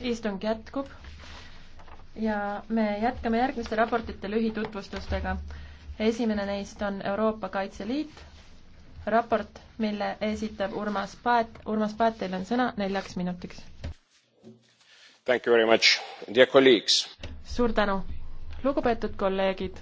istung jätkub ja me jätkame järgmiste raportite lühitutvustustega. esimene neist on Euroopa Kaitseliit, raport, mille esitab Urmas Paet. Urmas Paet, teil on sõna neljaks minutiks. suur tänu, lugupeetud kolleegid